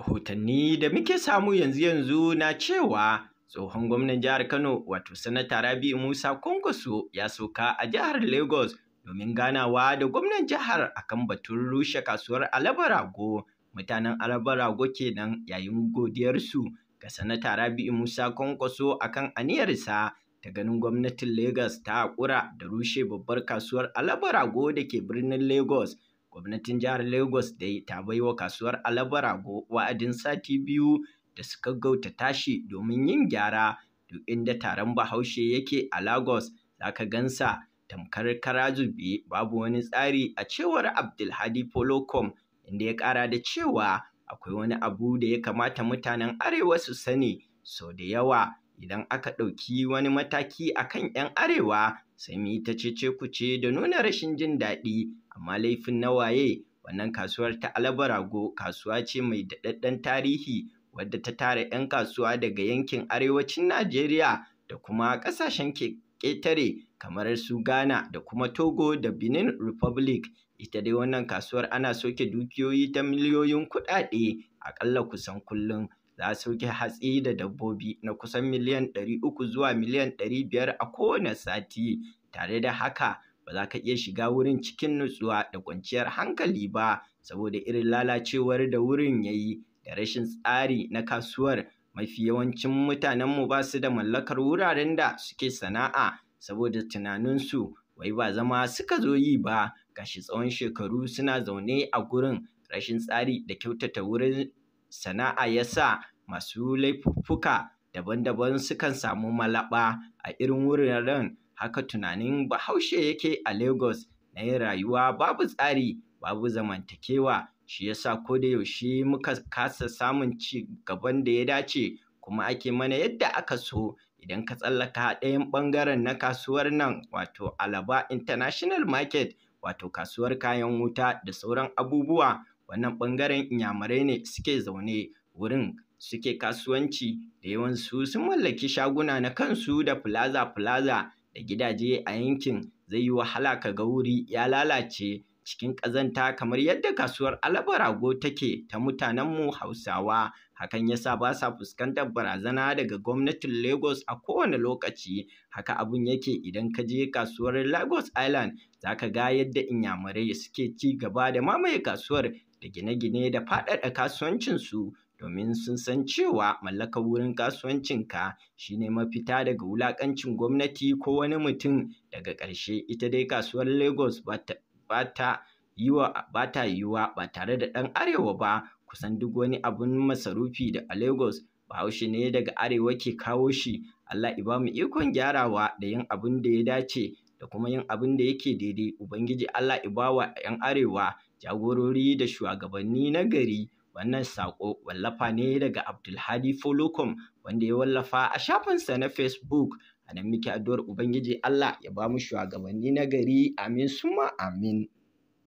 rahotanni da muke samu yanzu yanzu na cewa tsohon gwamnan jihar Kano wato sanata Rabi Musa Kwankwaso ya soka a jihar Lagos domin ganawa da gwamnan jihar akan batun rushe kasuwar Alabarago mutanen Alabarago kenan yayin godiyarsu ga sanata Rabi Musa Kwankwaso akan aniyarsa ta ganin gwamnatin Lagos ta haƙura da rushe babbar kasuwar Alabarago da ke birnin Lagos gwamnatin jihar lagos dai ta baiwa kasuwar alabarago wa'adin sati biyu da suka gauta tashi domin yin gyara duk inda taron bahaushe yake a lagos za ka gansa tamkar karazubi babu wani tsari a cewar abdulhadi polocom inda ya kara da cewa akwai wani abu da ya kamata mutanen arewa su sani sau da yawa idan aka ɗauki wani mataki a kan 'yan arewa sai mu yi ta cece kuce da nuna rashin jin daɗi amma laifin na waye wannan kasuwar ta Alabarago kasuwa ce mai daɗaɗɗen tarihi wadda ta tara 'yan kasuwa daga yankin arewacin Najeriya da kuma ƙasashen ƙetare kamar su Ghana da kuma Togo da Benin Republic. Ita dai wannan kasuwar ana soke dukiyoyi ta miliyoyin kuɗaɗe aƙalla kusan kullum. Za a soke hatsi da dabbobi na kusan miliyan 300 zuwa miliyan 500 a kowane sati. Tare da haka ba za ka iya shiga wurin cikin nutsuwa da kwanciyar hankali ba saboda irin lalacewar da wurin ya yi da rashin tsari na kasuwar mafi yawancin mutanenmu ba su da mallakar wuraren da suke sana'a saboda tunaninsu wai ba zama suka zo yi ba gashi tsawon shekaru suna zaune a gurin rashin tsari da kyautata wurin sana'a ya sa masu laifuka daban-daban sukan samu malaba a irin wuraren haka tunanin bahaushe yake a lagos na yin rayuwa babu tsari babu zamantakewa shi yasa ko da yaushe muka kasa samun ci gaban da ya dace kuma ake mana yadda aka so idan ka tsallaka ɗayan ɓangaren na kasuwar nan wato alaba international market wato kasuwar kayan wuta da sauran abubuwa wannan ɓangaren inyamurai ne suke zaune wurin suke kasuwanci da yawan su sun mallaki shaguna na kansu da plaza plaza da gidaje a yankin zai yi wahala ka ga wuri ya lalace cikin ƙazanta kamar yadda kasuwar rago take ta mutanenmu hausawa hakan yasa ba sa fuskantar barazana daga gwamnatin lagos a kowane lokaci haka abun yake idan ka je kasuwar lagos island za ka ga yadda inyamurai suke ci gaba da mamaye kasuwar da gine-gine da faɗaɗa kasuwancinsu domin sun san cewa mallakar wurin kasuwancinka shi ne mafita daga wulaƙancin gwamnati ko wani mutum daga ƙarshe ita dai kasuwar Lagos ba ta yiwuwa ba tare da ɗan arewa ba kusan duk wani abun masarufi da a Lagos Bahaushe ne daga arewa ke kawo shi Allah iba mu ikon gyarawa da yin abin da ya dace da kuma yin abin da yake daidai Ubangiji Allah iba wa 'yan arewa jagorori da shugabanni na gari Wannan saƙo wallafa ne daga Abdulhadi Folokom wanda ya wallafa a shafinsa na Facebook. A nan muke addu'ar Ubangiji Allah ya ba mu shugabanni na gari amin suma amin.